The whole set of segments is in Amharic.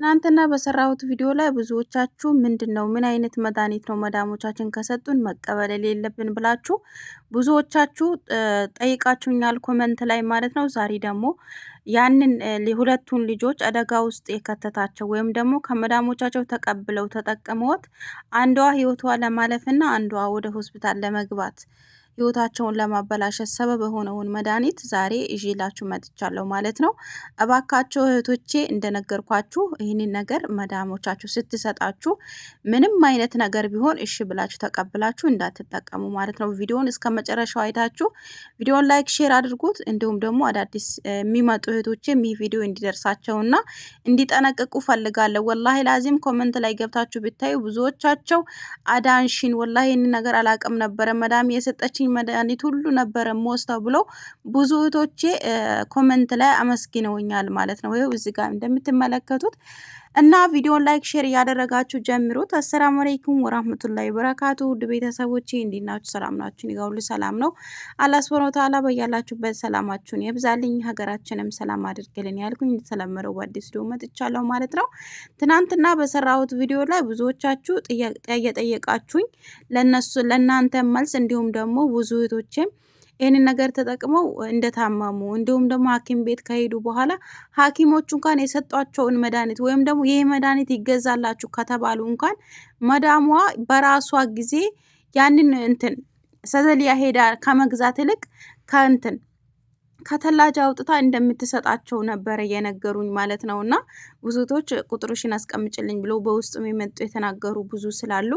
ትናንትና በሰራሁት ቪዲዮ ላይ ብዙዎቻችሁ ምንድን ነው ምን አይነት መድኃኒት ነው መዳሞቻችን ከሰጡን መቀበል የሌለብን ብላችሁ ብዙዎቻችሁ ጠይቃችሁኛል፣ ኮመንት ላይ ማለት ነው። ዛሬ ደግሞ ያንን ሁለቱን ልጆች አደጋ ውስጥ የከተታቸው ወይም ደግሞ ከመዳሞቻቸው ተቀብለው ተጠቅመውት አንዷ ህይወቷ ለማለፍና አንዷ ወደ ሆስፒታል ለመግባት ህይወታቸውን ለማበላሸት ሰበብ የሆነውን መድኃኒት ዛሬ ይዤላችሁ መጥቻለሁ ማለት ነው። እባካችሁ እህቶቼ እንደነገርኳችሁ ይህንን ነገር መዳሞቻችሁ ስትሰጣችሁ ምንም አይነት ነገር ቢሆን እሺ ብላችሁ ተቀብላችሁ እንዳትጠቀሙ ማለት ነው። ቪዲዮን እስከ መጨረሻው አይታችሁ ቪዲዮን ላይክ፣ ሼር አድርጉት። እንዲሁም ደግሞ አዳዲስ የሚመጡ እህቶቼ ይህ ቪዲዮ እንዲደርሳቸው እንዲደርሳቸውና እንዲጠነቅቁ ፈልጋለሁ። ወላሂ ላዚም ኮመንት ላይ ገብታችሁ ብታዩ ብዙዎቻቸው አዳንሽን ወላሂ ይህንን ነገር አላቅም ነበረ መዳም የሰጠችኝ መድኃኒት ሁሉ ነበረ የምወስደው ብለው ብዙ እህቶቼ ኮመንት ላይ አመስግነውኛል ማለት ነው። ይኸው እዚህ ጋር እንደምትመለከቱት እና ቪዲዮን ላይክ ሼር እያደረጋችሁ ጀምሩት። አሰላሙ አለይኩም ወራህመቱላሂ ወበረካቱ ውድ ቤተሰቦቼ እንዴት ናችሁ? ሰላም ናችሁን? ይገውሉ ሰላም ነው። አላህ ሱብሐነሁ ወተዓላ በያላችሁበት ሰላማችሁን ይብዛልኝ፣ ሀገራችንም ሰላም አድርግልን ያልኩኝ እንደተለመደው በአዲስ ቪዲዮ መጥቻለሁ ማለት ነው። ትናንትና በሰራሁት ቪዲዮ ላይ ብዙዎቻችሁ ጥያቄ ጠየቃችሁኝ፣ ለነሱ ለእናንተ መልስ እንዲሁም ደግሞ ብዙ እህቶቼም ይህንን ነገር ተጠቅመው እንደታመሙ እንዲሁም ደግሞ ሐኪም ቤት ከሄዱ በኋላ ሐኪሞቹ እንኳን የሰጧቸውን መድኃኒት ወይም ደግሞ ይህ መድኃኒት ይገዛላችሁ ከተባሉ እንኳን መዳሟ በራሷ ጊዜ ያንን እንትን ሰዘሊያ ሄዳ ከመግዛት ይልቅ ከእንትን ከተላጅ አውጥታ እንደምትሰጣቸው ነበረ የነገሩኝ ማለት ነው። እና ብዙቶች ቁጥሮሽን አስቀምጭልኝ ብለው በውስጥም የመጡ የተናገሩ ብዙ ስላሉ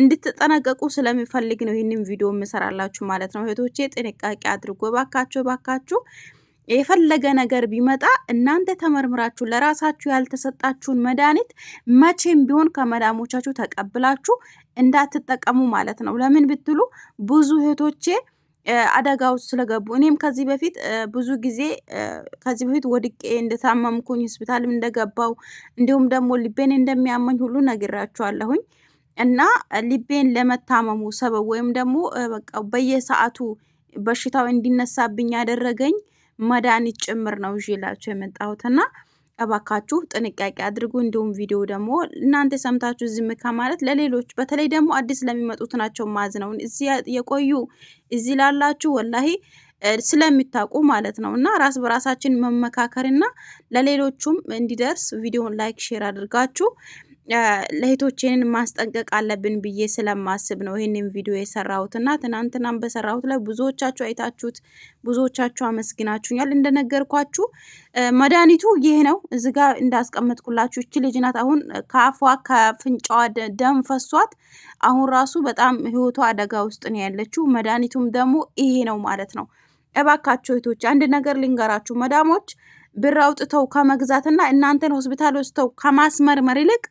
እንድትጠነቀቁ ስለሚፈልግ ነው ይህንም ቪዲዮ የምሰራላችሁ ማለት ነው። እህቶቼ ጥንቃቄ አድርጎ ባካችሁ ባካችሁ የፈለገ ነገር ቢመጣ እናንተ ተመርምራችሁ ለራሳችሁ ያልተሰጣችሁን መድኃኒት መቼም ቢሆን ከመዳሞቻችሁ ተቀብላችሁ እንዳትጠቀሙ ማለት ነው። ለምን ብትሉ ብዙ እህቶቼ አደጋ ውስጥ ስለገቡ እኔም ከዚህ በፊት ብዙ ጊዜ ከዚህ በፊት ወድቄ እንደታመምኩኝ ሆስፒታልም እንደገባው እንዲሁም ደግሞ ልቤን እንደሚያመኝ ሁሉ ነግራችኋለሁኝ። እና ልቤን ለመታመሙ ሰበብ ወይም ደግሞ በቃ በየሰዓቱ በሽታው እንዲነሳብኝ ያደረገኝ መድኃኒት ጭምር ነው ይዤላችሁ የመጣሁት እና እባካችሁ ጥንቃቄ አድርጉ። እንዲሁም ቪዲዮ ደግሞ እናንተ ሰምታችሁ ዝም ከማለት ለሌሎች በተለይ ደግሞ አዲስ ለሚመጡት ናቸው ማዝ ነው እዚህ የቆዩ እዚህ ላላችሁ ወላሂ ስለሚታቁ ማለት ነው። እና ራስ በራሳችን መመካከርና ለሌሎቹም እንዲደርስ ቪዲዮን ላይክ ሼር አድርጋችሁ ለእህቶቼን ማስጠንቀቅ አለብን ብዬ ስለማስብ ነው ይህንን ቪዲዮ የሰራሁት እና ትናንትናም በሰራሁት ላይ ብዙዎቻችሁ አይታችሁት ብዙዎቻችሁ አመስግናችሁኛል። እንደነገርኳችሁ መድኃኒቱ ይህ ነው። እዚ ጋር እንዳስቀመጥኩላችሁ እቺ ልጅ ናት። አሁን ከአፏ ከፍንጫዋ ደም ፈሷት፣ አሁን ራሱ በጣም ህይወቷ አደጋ ውስጥ ነው ያለችው። መድኃኒቱም ደግሞ ይሄ ነው ማለት ነው። እባካችሁ እህቶች አንድ ነገር ልንገራችሁ መዳሞች ብር አውጥተው ከመግዛትና እናንተን ሆስፒታል ወስደው ከማስመርመር ይልቅ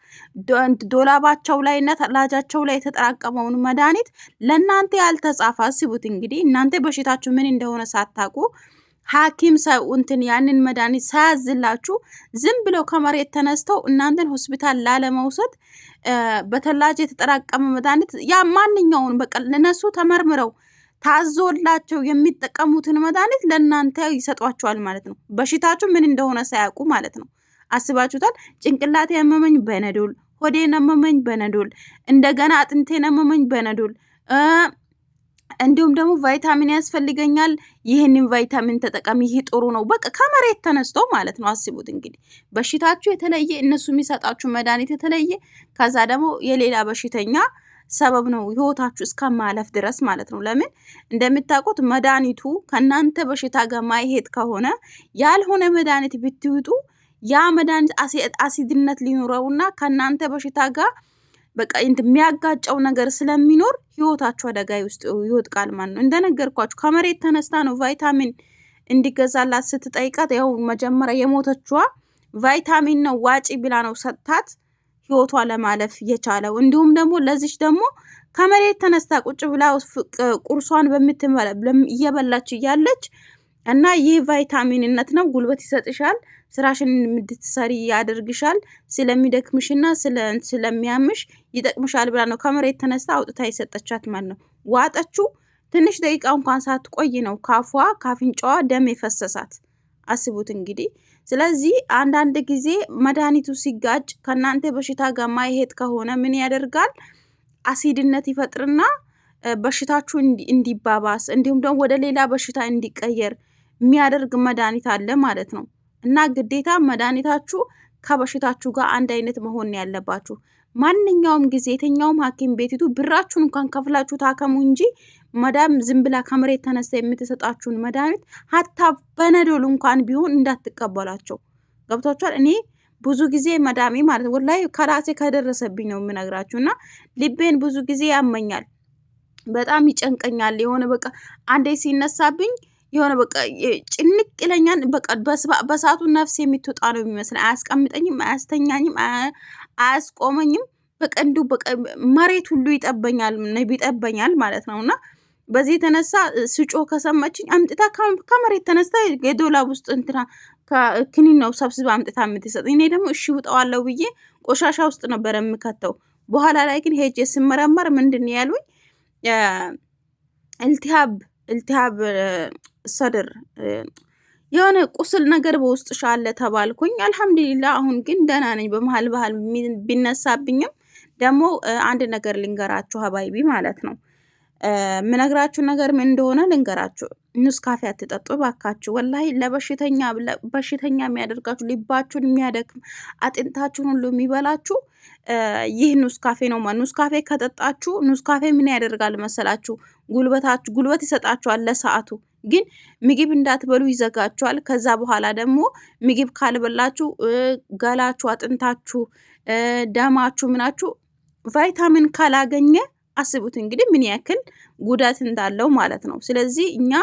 ዶላባቸው ላይ እና ተላጃቸው ላይ የተጠራቀመውን መድኃኒት ለእናንተ ያልተጻፈ አስቡት። እንግዲህ እናንተ በሽታችሁ ምን እንደሆነ ሳታውቁ ሐኪም ሰው ያንን መድኃኒት ሳያዝላችሁ ዝም ብለው ከመሬት ተነስተው እናንተን ሆስፒታል ላለመውሰድ በተላጅ የተጠራቀመ መድኃኒት ያ ማንኛውን በቃ ለነሱ ተመርምረው ታዞላቸው የሚጠቀሙትን መድኃኒት ለእናንተ ይሰጧቸዋል ማለት ነው። በሽታችሁ ምን እንደሆነ ሳያውቁ ማለት ነው። አስባችሁታል? ጭንቅላት ያመመኝ በነዶል፣ ሆዴን ነመመኝ በነዶል፣ እንደገና አጥንቴን ነመመኝ በነዶል እንዲሁም ደግሞ ቫይታሚን ያስፈልገኛል። ይህንን ቫይታሚን ተጠቀም ይህ ጥሩ ነው። በቃ ከመሬት ተነስቶ ማለት ነው። አስቡት እንግዲህ በሽታችሁ የተለየ እነሱ የሚሰጣችሁ መድኃኒት የተለየ፣ ከዛ ደግሞ የሌላ በሽተኛ ሰበብ ነው ህይወታችሁ እስከማለፍ ድረስ ማለት ነው። ለምን እንደምታውቁት መድኃኒቱ ከእናንተ በሽታ ጋር ማይሄድ ከሆነ ያልሆነ መድኃኒት ብትውጡ ያ መድኃኒት አሲድነት ሊኖረውና ከእናንተ በሽታ ጋር በቃ የሚያጋጨው ነገር ስለሚኖር ህይወታችሁ አደጋ ውስጥ ይወድቃል ማለት ነው። እንደነገርኳችሁ ከመሬት ተነስታ ነው ቫይታሚን እንዲገዛላት ስትጠይቃት ያው መጀመሪያ የሞተችዋ ቫይታሚን ነው ዋጪ ብላ ነው ሰጥታት ህይወቷ ለማለፍ የቻለው እንዲሁም ደግሞ ለዚች ደግሞ ከመሬት ተነስታ ቁጭ ብላ ቁርሷን እየበላች እያለች እና ይህ ቫይታሚንነት ነው። ጉልበት ይሰጥሻል፣ ስራሽን እንድትሰሪ ያደርግሻል። ስለሚደክምሽና ስለሚያምሽ ይጠቅምሻል ብላ ነው ከመሬት ተነስታ አውጥታ የሰጠቻት ማለት ነው። ዋጠችው። ትንሽ ደቂቃ እንኳን ሳትቆይ ነው ካፏ ካፍንጫዋ ደም የፈሰሳት። አስቡት እንግዲህ። ስለዚህ አንዳንድ ጊዜ መድኃኒቱ ሲጋጭ ከእናንተ በሽታ ጋር ማይሄድ ከሆነ ምን ያደርጋል? አሲድነት ይፈጥርና በሽታችሁ እንዲባባስ እንዲሁም ደግሞ ወደ ሌላ በሽታ እንዲቀየር የሚያደርግ መድኃኒት አለ ማለት ነው። እና ግዴታ መድኃኒታችሁ ከበሽታችሁ ጋር አንድ አይነት መሆን ያለባችሁ። ማንኛውም ጊዜ የትኛውም ሐኪም ቤቲቱ ብራችሁን እንኳን ከፍላችሁ ታከሙ እንጂ መዳም ዝም ብላ ከመሬት ተነሳ የምትሰጣችሁን መድኃኒት ሀታ በነዶል እንኳን ቢሆን እንዳትቀበላቸው። ገብቷችኋል? እኔ ብዙ ጊዜ መዳሜ ማለት ወላሂ ከራሴ ከደረሰብኝ ነው የምነግራችሁ እና ልቤን ብዙ ጊዜ ያመኛል፣ በጣም ይጨንቀኛል። የሆነ በቃ አንዴ ሲነሳብኝ የሆነ በቃ ጭንቅ ይለኛል። በቃ በሰዓቱ ነፍስ የምትወጣ ነው የሚመስለኝ። አያስቀምጠኝም፣ አያስተኛኝም፣ አያስቆመኝም በቀንዱ መሬት ሁሉ ይጠበኛል ይጠበኛል ማለት ነው እና በዚህ የተነሳ ስጮ ከሰማችኝ አምጥታ ከመሬት ተነስታ የዶላብ ውስጥ እንትና ክኒን ነው ሰብስባ አምጥታ የምትሰጥ። እኔ ደግሞ እሺ ውጠዋለው ብዬ ቆሻሻ ውስጥ ነበር የምከተው። በኋላ ላይ ግን ሄጄ ስመረመር ምንድን ያሉኝ እልቲሃብ እልቲሃብ ሰድር የሆነ ቁስል ነገር በውስጥ ሻለ ተባልኩኝ። አልሐምዱሊላ አሁን ግን ደህና ነኝ። በመሀል ባህል ቢነሳብኝም ደግሞ አንድ ነገር ልንገራችሁ ሀባይቢ ማለት ነው። ምነግራችሁ ነገር ምን እንደሆነ ልንገራችሁ። ኑስካፌ አትጠጡ ባካችሁ። ወላሂ ለበሽተኛ በሽተኛ የሚያደርጋችሁ ልባችሁን የሚያደክም አጥንታችሁን ሁሉ የሚበላችሁ ይህ ካፌ ነው። ካፌ ከጠጣችሁ ካፌ ምን ያደርጋል መሰላችሁ? ጉልበታችሁ ጉልበት ይሰጣችኋል ለሰዓቱ ግን ምግብ እንዳትበሉ ይዘጋችኋል። ከዛ በኋላ ደግሞ ምግብ ካልበላችሁ ገላችሁ፣ አጥንታችሁ፣ ደማችሁ ምናችሁ ቫይታሚን ካላገኘ አስቡት እንግዲህ ምን ያክል ጉዳት እንዳለው ማለት ነው። ስለዚህ እኛ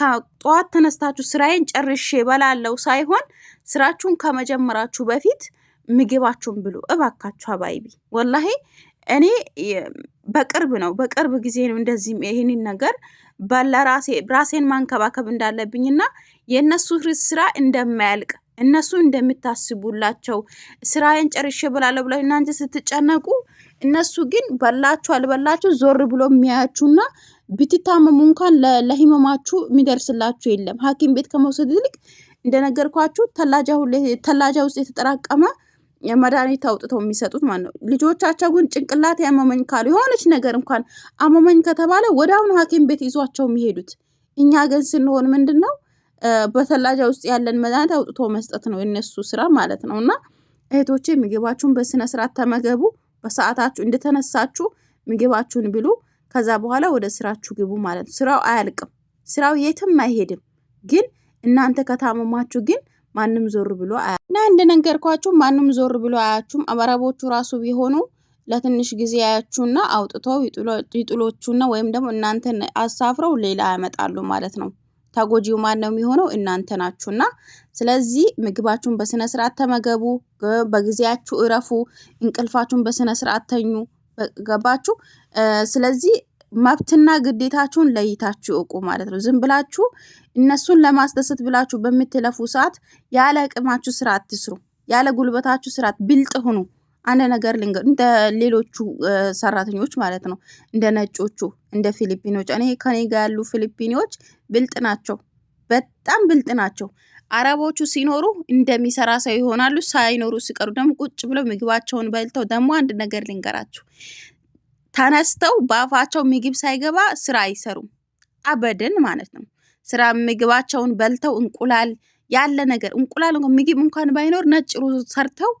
ከጠዋት ተነስታችሁ ስራዬን ጨርሼ በላለው ሳይሆን ስራችሁን ከመጀመራችሁ በፊት ምግባችሁን ብሉ እባካችሁ አባይቢ። ወላሂ እኔ በቅርብ ነው በቅርብ ጊዜ ነው እንደዚህ ይህንን ነገር በለራሴ ራሴን ማንከባከብ እንዳለብኝና የእነሱ ስራ እንደማያልቅ እነሱ እንደምታስቡላቸው ስራዬን ጨርሼ በላለሁ ብላ እናንተ ስትጨነቁ እነሱ ግን በላችሁ አልበላችሁ ዞር ብሎ የሚያያችሁና ብትታመሙ እንኳን ለህመማችሁ የሚደርስላችሁ የለም። ሐኪም ቤት ከመውሰድ ይልቅ እንደነገርኳችሁ ተላጃ ውስጥ የተጠራቀመ መድኃኒት አውጥተው የሚሰጡት ማለት ነው። ልጆቻቸው ግን ጭንቅላት ያመመኝ ካሉ የሆነች ነገር እንኳን አመመኝ ከተባለ ወደ አሁኑ ሐኪም ቤት ይዟቸው የሚሄዱት። እኛ ግን ስንሆን ምንድን ነው በተላጃ ውስጥ ያለን መድኃኒት አውጥቶ መስጠት ነው የነሱ ስራ ማለት ነው። እና እህቶቼ ምግባችሁን በስነስርዓት ተመገቡ። በሰዓታችሁ እንደተነሳችሁ ምግባችሁን ብሉ። ከዛ በኋላ ወደ ስራችሁ ግቡ ማለት ነው። ስራው አያልቅም። ስራው የትም አይሄድም። ግን እናንተ ከታመማችሁ ግን ማንም ዞር ብሎ አያ እና እንደነገርኳችሁ ማንም ዞር ብሎ አያችሁም። አረቦቹ ራሱ ቢሆኑ ለትንሽ ጊዜ ያያችሁና አውጥተው ይጥሎቹና ወይም ደግሞ እናንተን አሳፍረው ሌላ ያመጣሉ ማለት ነው። ተጎጂው ማን ነው የሚሆነው? እናንተ ናችሁና ስለዚህ ምግባችሁን በስነ ስርዓት ተመገቡ፣ በጊዜያችሁ እረፉ፣ እንቅልፋችሁን በስነ ስርዓት ተኙ። ገባችሁ? ስለዚህ መብትና ግዴታችሁን ለይታችሁ እውቁ ማለት ነው። ዝም ብላችሁ እነሱን ለማስደሰት ብላችሁ በምትለፉ ሰዓት ያለ አቅማችሁ ስራ አትስሩ፣ ያለ ጉልበታችሁ ስራት ብልጥ ሁኑ። አንድ ነገር ልንገር፣ እንደ ሌሎቹ ሰራተኞች ማለት ነው፣ እንደ ነጮቹ፣ እንደ ፊሊፒኖች። እኔ ከኔ ጋር ያሉ ፊሊፒኖች ብልጥ ናቸው፣ በጣም ብልጥ ናቸው። አረቦቹ ሲኖሩ እንደሚሰራ ሰው ይሆናሉ። ሳይኖሩ ሲቀሩ ደግሞ ቁጭ ብለው ምግባቸውን በልተው ደግሞ አንድ ነገር ልንገራችሁ፣ ተነስተው በአፋቸው ምግብ ሳይገባ ስራ አይሰሩም አበድን ማለት ነው። ስራ ምግባቸውን በልተው እንቁላል ያለ ነገር እንቁላል ምግብ እንኳን ባይኖር ነጭ ሩዝ ሰርተው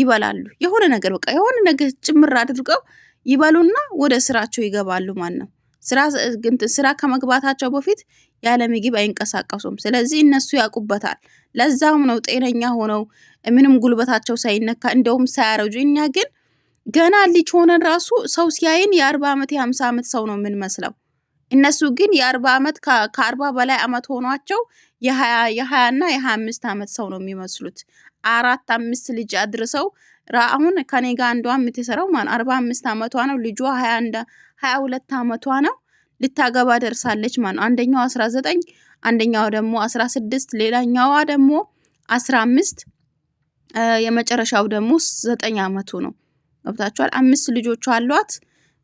ይበላሉ። የሆነ ነገር በቃ የሆነ ነገር ጭምር አድርገው ይበሉና ወደ ስራቸው ይገባሉ ማለት ነው። ስራ ከመግባታቸው በፊት ያለ ምግብ አይንቀሳቀሱም። ስለዚህ እነሱ ያውቁበታል። ለዛም ነው ጤነኛ ሆነው ምንም ጉልበታቸው ሳይነካ እንደውም ሳያረጁ። እኛ ግን ገና ልጅ ሆነን ራሱ ሰው ሲያይን የአርባ ዓመት የሀምሳ ዓመት ሰው ነው የምንመስለው። እነሱ ግን የአርባ ዓመት ከአርባ በላይ ዓመት ሆኗቸው የሀያ እና የሀያ አምስት ዓመት ሰው ነው የሚመስሉት። አራት አምስት ልጅ አድርሰው አሁን ከኔ ጋር አንዷ የምትሰራው ማለት አርባ አምስት ዓመቷ ነው። ልጇ ሀያ ሁለት ዓመቷ ነው። ልታገባ ደርሳለች ማ። አንደኛው አስራ ዘጠኝ አንደኛው ደግሞ አስራ ስድስት ሌላኛዋ ደግሞ አስራ አምስት የመጨረሻው ደግሞ ዘጠኝ ዓመቱ ነው። ገብታችኋል። አምስት ልጆቿ አሏት።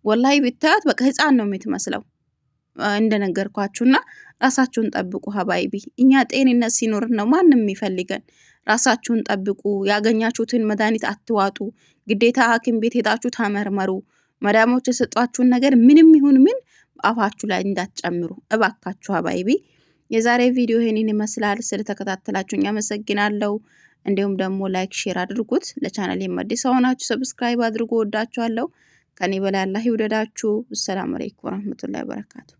ወላሂ ብታያት በቃ ህፃን ነው የምትመስለው። እንደነገርኳችሁና ራሳችሁን ጠብቁ ሀባይቢ። እኛ ጤንነት ሲኖር ነው ማንም የሚፈልገን። ራሳችሁን ጠብቁ። ያገኛችሁትን መድኃኒት አትዋጡ። ግዴታ ሐኪም ቤት ሄዳችሁ ተመርመሩ። መዳሞች የሰጧችሁን ነገር ምንም ይሁን ምን አፋችሁ ላይ እንዳትጨምሩ እባካችሁ ሀባይቢ። የዛሬ ቪዲዮ ይህንን ይመስላል። ስለተከታተላችሁኝ አመሰግናለሁ። እንዲሁም ደግሞ ላይክ፣ ሼር አድርጉት። ለቻናል የመዲስ ሆናችሁ ሰብስክራይብ አድርጉ። ወዳችኋለሁ። ከኔ በላይ አላህ ይውደዳችሁ። ሰላም አለይኩም ወራህመቱላሂ ወበረካቱ።